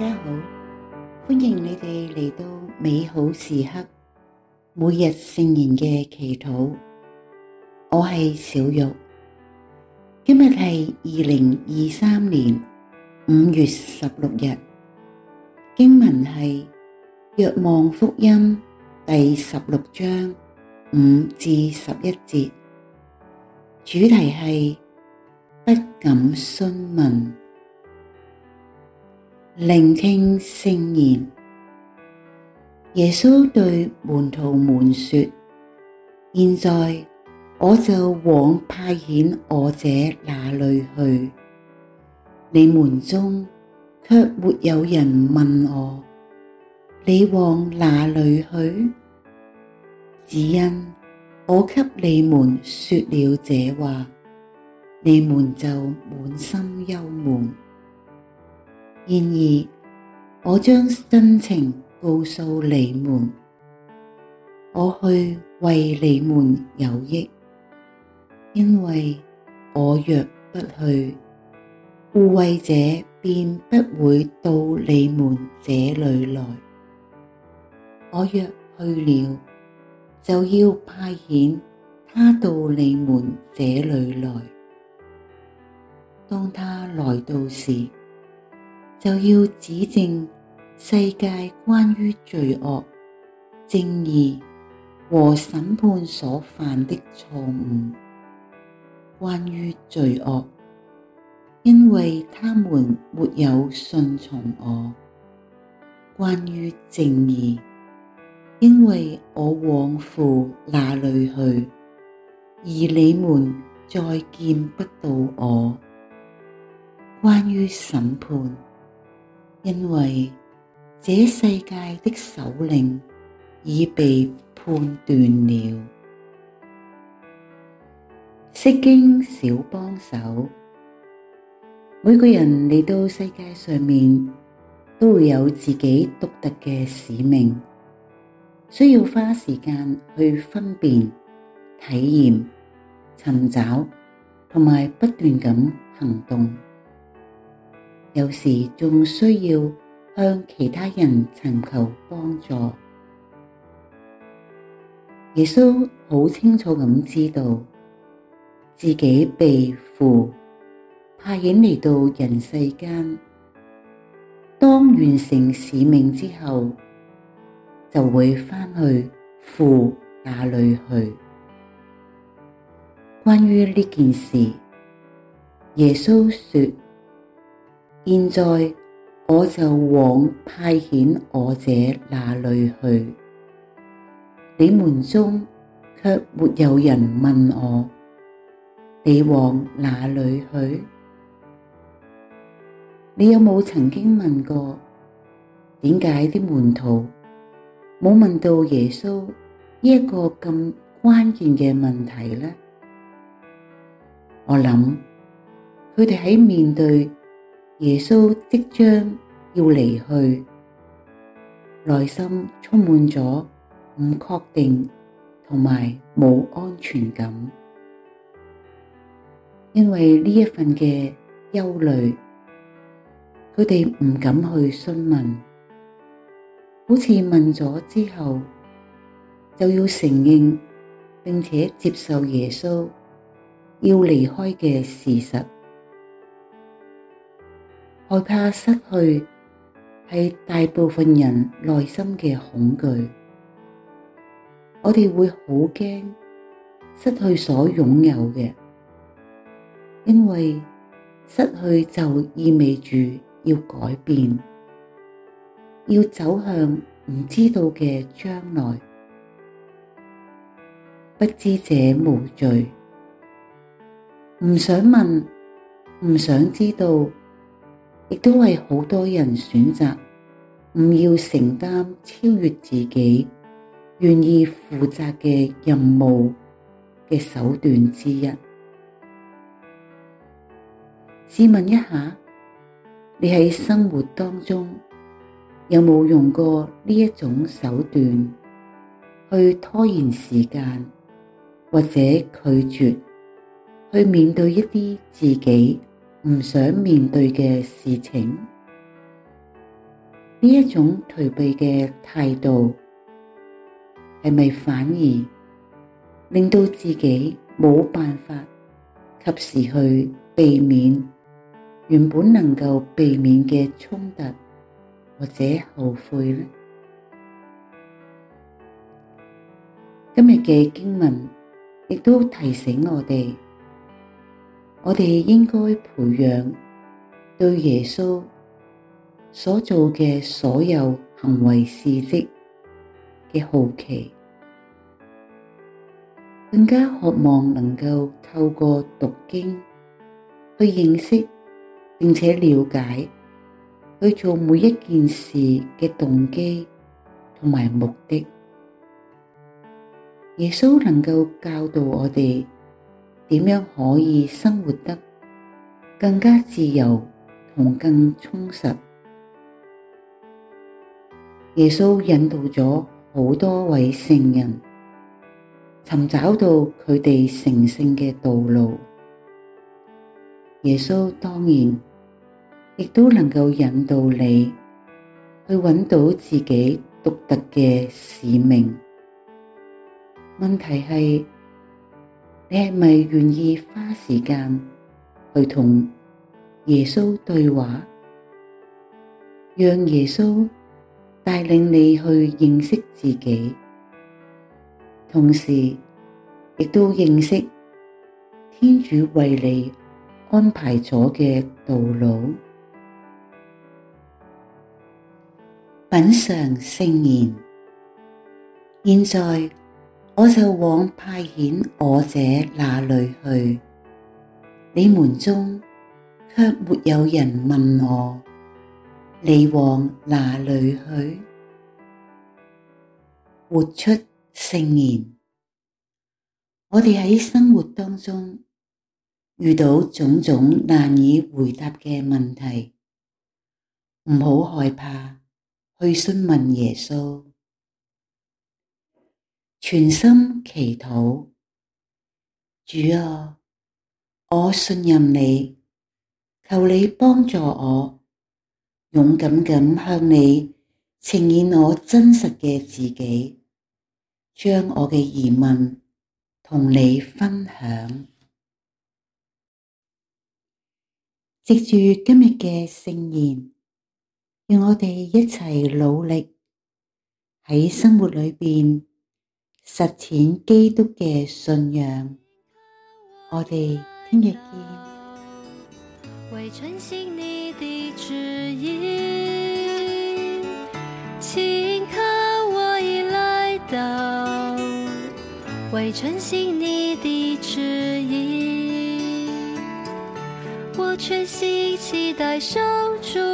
大家好，歡迎你哋嚟到美好時刻每日聖言嘅祈禱。我係小玉，今日係二零二三年五月十六日，經文係《若望福音》第十六章五至十一節，主題係不敢詢問。聆聽聖言，耶穌對門徒們說：現在我就往派遣我者那裏去，你們中卻沒有人問我：你往那裏去？只因我給你們說了這話，你們就滿心憂悶。然而，我將真情告訴你們，我去為你們有益，因為我若不去，護慰者便不會到你們這裏來。我若去了，就要派遣他到你們這裏來。當他來到時，就要指證世界關於罪惡、正義和審判所犯的錯誤。關於罪惡，因為他們沒有信從我；關於正義，因為我往父那裏去，而你們再見不到我。關於審判，因為這世界的首領已被判斷了。釋經小幫手，每個人嚟到世界上面，都會有自己獨特嘅使命，需要花時間去分辨、體驗、尋找，同埋不斷咁行動。有時仲需要向其他人尋求幫助。耶穌好清楚咁知道自己被父派遣嚟到人世間，當完成使命之後，就會返去父那裡去。關於呢件事，耶穌說。現在我就往派遣我者那裡去，你們中卻沒有人問我，你往哪裡去？你有冇曾經問過？點解啲門徒冇問到耶穌呢一個咁關鍵嘅問題呢？我諗佢哋喺面對。耶穌即將要離去，內心充滿咗唔確定同埋冇安全感，因為呢一份嘅憂慮，佢哋唔敢去詢問，好似問咗之後就要承認，並且接受耶穌要離開嘅事實。害怕失去係大部分人內心嘅恐懼，我哋會好驚失去所擁有嘅，因為失去就意味住要改變，要走向唔知道嘅將來，不知者無罪，唔想問，唔想知道。亦都係好多人選擇唔要承擔超越自己願意負責嘅任務嘅手段之一。試問一下，你喺生活當中有冇用過呢一種手段去拖延時間，或者拒絕去面對一啲自己唔想面對嘅事情，呢一種逃避嘅態度，係咪反而令到自己冇辦法及時去避免原本能夠避免嘅衝突或者後悔呢？今日嘅經文亦都提醒我哋。我哋應該培養對耶穌所做嘅所有行為事跡嘅好奇，更加渴望能夠透過讀經去認識並且了解佢做每一件事嘅動機同埋目的。耶穌能夠教導我哋。點樣可以生活得更加自由同更充實。耶穌引導咗好多位聖人，尋找到佢哋成聖嘅道路。耶穌當然亦都能夠引導你去揾到自己獨特嘅使命。問題係。你係咪願意花時間去同耶穌對話，讓耶穌帶領你去認識自己，同時亦都認識天主為你安排咗嘅道路？品嘗聖言。現在。我就往派遣我者那裡去，你們中卻沒有人問我：你往哪裡去？活出聖言。我哋喺生活當中遇到種種難以回答嘅問題，唔好害怕去詢問耶穌。全心祈禱，主啊，我信任你，求你幫助我，勇敢咁向你呈現我真實嘅自己，將我嘅疑問同你分享。藉住今日嘅聖言，讓我哋一齊努力喺生活裏邊。實踐基督嘅信仰，我哋聽日見。為順從你的旨意，請看我已來到；為順從你的旨意，我全心期待守住。